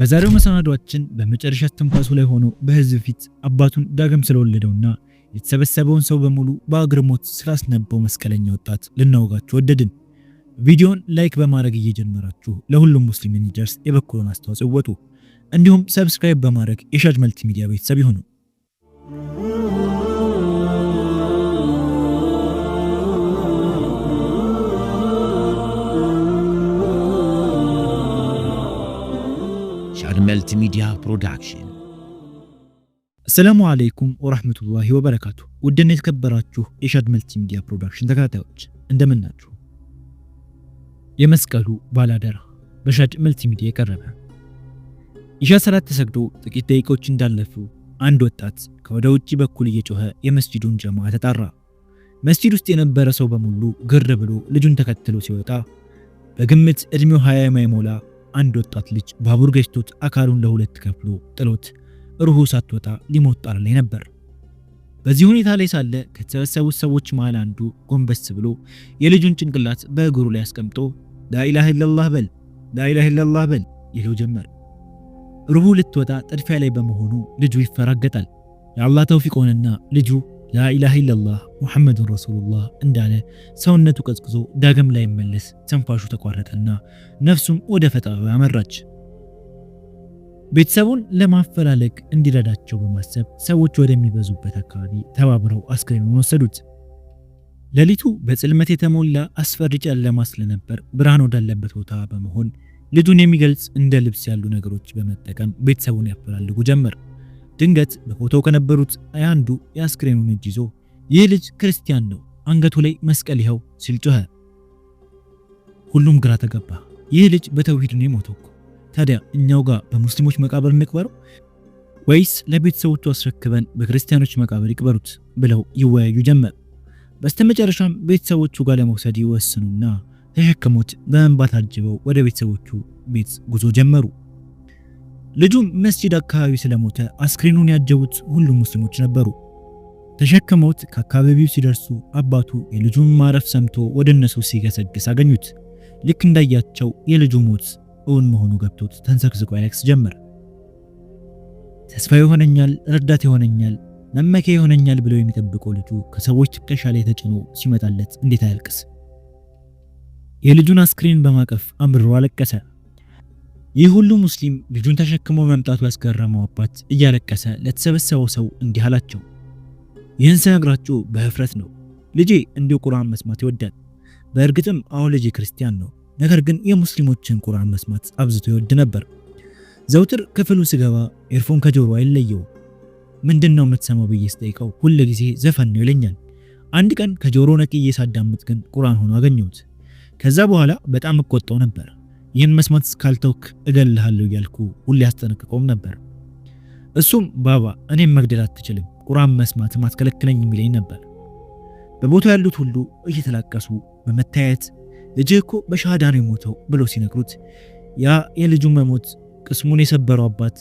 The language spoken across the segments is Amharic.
በዛሬው መሰናዷችን በመጨረሻ ትንፋሱ ላይ ሆኖ በህዝብ ፊት አባቱን ዳግም ስለወለደውና የተሰበሰበውን ሰው በሙሉ በአግርሞት ስላስነበው መስቀለኛ ወጣት ልናወጋችሁ ወደድን። ቪዲዮን ላይክ በማድረግ እየጀመራችሁ ለሁሉም ሙስሊም እንዲደርስ የበኩሉን አስተዋጽኦ ወጡ። እንዲሁም ሰብስክራይብ በማድረግ የሻጅ መልቲሚዲያ ቤተሰብ ይሁኑ። ሚዲያ ፕሮዳክሽን። አሰላሙ አለይኩም ወራህመቱላሂ ወበረካቱ። ውድና የተከበራችሁ የሻድ መልቲ ሚዲያ ፕሮዳክሽን ተከታታዮች እንደምን ናችሁ? የመስቀሉ ባላደራ በሻድ መልቲ ሚዲያ የቀረበ ኢሻ ሰላት ተሰግዶ ጥቂት ደቂቃዎች እንዳለፉ አንድ ወጣት ከወደ ውጭ በኩል እየጮኸ የመስጂዱን ጀማ ተጣራ። መስጂድ ውስጥ የነበረ ሰው በሙሉ ግር ብሎ ልጁን ተከትሎ ሲወጣ በግምት ዕድሜው ሀያ የማይሞላ አንድ ወጣት ልጅ ባቡር ገጭቶት አካሉን ለሁለት ከፍሎ ጥሎት ሩሁ ሳትወጣ ሊሞት ጣር ላይ ነበር። በዚህ ሁኔታ ላይ ሳለ ከተሰበሰቡት ሰዎች መሃል አንዱ ጎንበስ ብሎ የልጁን ጭንቅላት በእግሩ ላይ አስቀምጦ ላኢላህ ኢላላህ በል ላኢላህ ኢላላህ በል ይለው ጀመር። ሩሁ ልትወጣ ጥድፊያ ላይ በመሆኑ ልጁ ይፈራገጣል። የአላህ ተውፊቅ ሆነና ልጁ ላኢላህ ኢለላህ ሙሐመዱን ረሱሉላህ እንዳለ ሰውነቱ ቀዝቅዞ ዳግም ላይመለስ ትንፋሹ ተቋረጠና ነፍሱም ወደ ፈጣሪ አመራች። ቤተሰቡን ለማፈላለግ እንዲረዳቸው በማሰብ ሰዎች ወደሚበዙበት አካባቢ ተባብረው አስክሬኑን ወሰዱት። ሌሊቱ በጽልመት የተሞላ አስፈሪ ጨለማ ስለነበር ብርሃን ወዳለበት ቦታ በመሆን ልጁን የሚገልጽ እንደ ልብስ ያሉ ነገሮች በመጠቀም ቤተሰቡን ያፈላልጉ ጀመር። ድንገት በፎቶው ከነበሩት አንዱ የአስክሬኑን እጅ ይዞ ይህ ልጅ ክርስቲያን ነው፣ አንገቱ ላይ መስቀል ይኸው ሲል ጮኸ። ሁሉም ግራ ተገባ። ይህ ልጅ በተውሂድ ነው የሞተው እኮ። ታዲያ እኛው ጋር በሙስሊሞች መቃብር እንቅበረው ወይስ ለቤተሰቦቹ አስረክበን በክርስቲያኖች መቃብር ይቅበሩት ብለው ይወያዩ ጀመር። በስተመጨረሻም ቤተሰቦቹ ጋር ለመውሰድ ይወስኑና ተሸክሞት በእንባ ታጅበው ወደ ቤተሰቦቹ ቤት ጉዞ ጀመሩ። ልጁም መስጂድ አካባቢ ስለሞተ አስክሬኑን ያጀቡት ሁሉም ሙስሊሞች ነበሩ። ተሸክመውት ከአካባቢው ሲደርሱ አባቱ የልጁን ማረፍ ሰምቶ ወደ እነሱ ሲገሰግስ አገኙት። ልክ እንዳያቸው የልጁ ሞት እውን መሆኑ ገብቶት ተንሰቅስቆ ያለቅስ ጀመር። ተስፋ ይሆነኛል፣ ረዳት ይሆነኛል፣ መመኪያ ይሆነኛል ብለው የሚጠብቀው ልጁ ከሰዎች ትከሻ ላይ ተጭኖ ሲመጣለት እንዴት አያልቅስ? የልጁን አስክሬን በማቀፍ አምርሮ አለቀሰ። ይህ ሁሉ ሙስሊም ልጁን ተሸክሞ መምጣቱ ያስገረመው አባት እያለቀሰ ለተሰበሰበው ሰው እንዲህ አላቸው። ይህን ስነግራችሁ በህፍረት ነው። ልጄ እንዲሁ ቁርአን መስማት ይወዳል። በእርግጥም አሁን ልጄ ክርስቲያን ነው። ነገር ግን የሙስሊሞችን ቁርአን መስማት አብዝቶ ይወድ ነበር። ዘውትር ክፍሉ ስገባ ኤርፎን ከጆሮ አይለየው። ምንድን ነው የምትሰማው ብዬ ስጠይቀው ሁል ጊዜ ዘፈን ነው ይለኛል። አንድ ቀን ከጆሮ ነቅዬ ሳዳምጥ ግን ቁርአን ሆኖ አገኘሁት። ከዛ በኋላ በጣም እቆጣው ነበር። ይህን መስማት እስካልተውክ እገልሃለሁ እያልኩ ሁሌ አስጠነቅቀውም ነበር። እሱም ባባ እኔም መግደል አትችልም፣ ቁራን መስማትም አትከለክለኝ የሚለኝ ነበር። በቦታው ያሉት ሁሉ እየተላቀሱ በመታየት ልጅ እኮ በሻሃዳ ነው የሞተው ብለው ሲነግሩት ያ የልጁን መሞት ቅስሙን የሰበረው አባት፣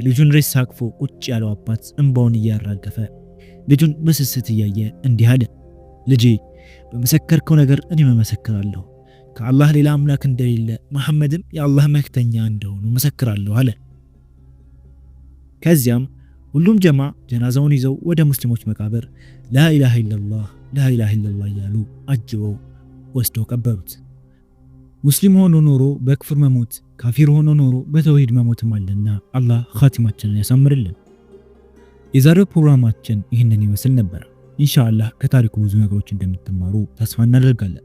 የልጁን ሬሳ አቅፎ ቁጭ ያለው አባት እንባውን እያራገፈ ልጁን በስስት እያየ እንዲህ አለ። ልጄ በመሰከርከው ነገር እኔ መመሰክራለሁ ከአላህ ሌላ አምላክ እንደሌለ መሐመድም የአላህ መክተኛ እንደሆኑ መሰክራለሁ አለ። ከዚያም ሁሉም ጀማ ጀናዛውን ይዘው ወደ ሙስሊሞች መቃብር ላኢላሃ ኢለላህ ላኢላሃ ኢለላህ እያሉ አጅበው ወስደው ቀበሩት። ሙስሊም ሆኖ ኖሮ በክፍር መሞት፣ ካፊር ሆኖ ኖሮ በተውሂድ መሞትም አለና አላህ ኻቲማችንን ያሳምርልን። የዛሬው ፕሮግራማችን ይህንን ይመስል ነበር። ኢንሻአላህ ከታሪኩ ብዙ ነገሮች እንደምትማሩ ተስፋ እናደርጋለን።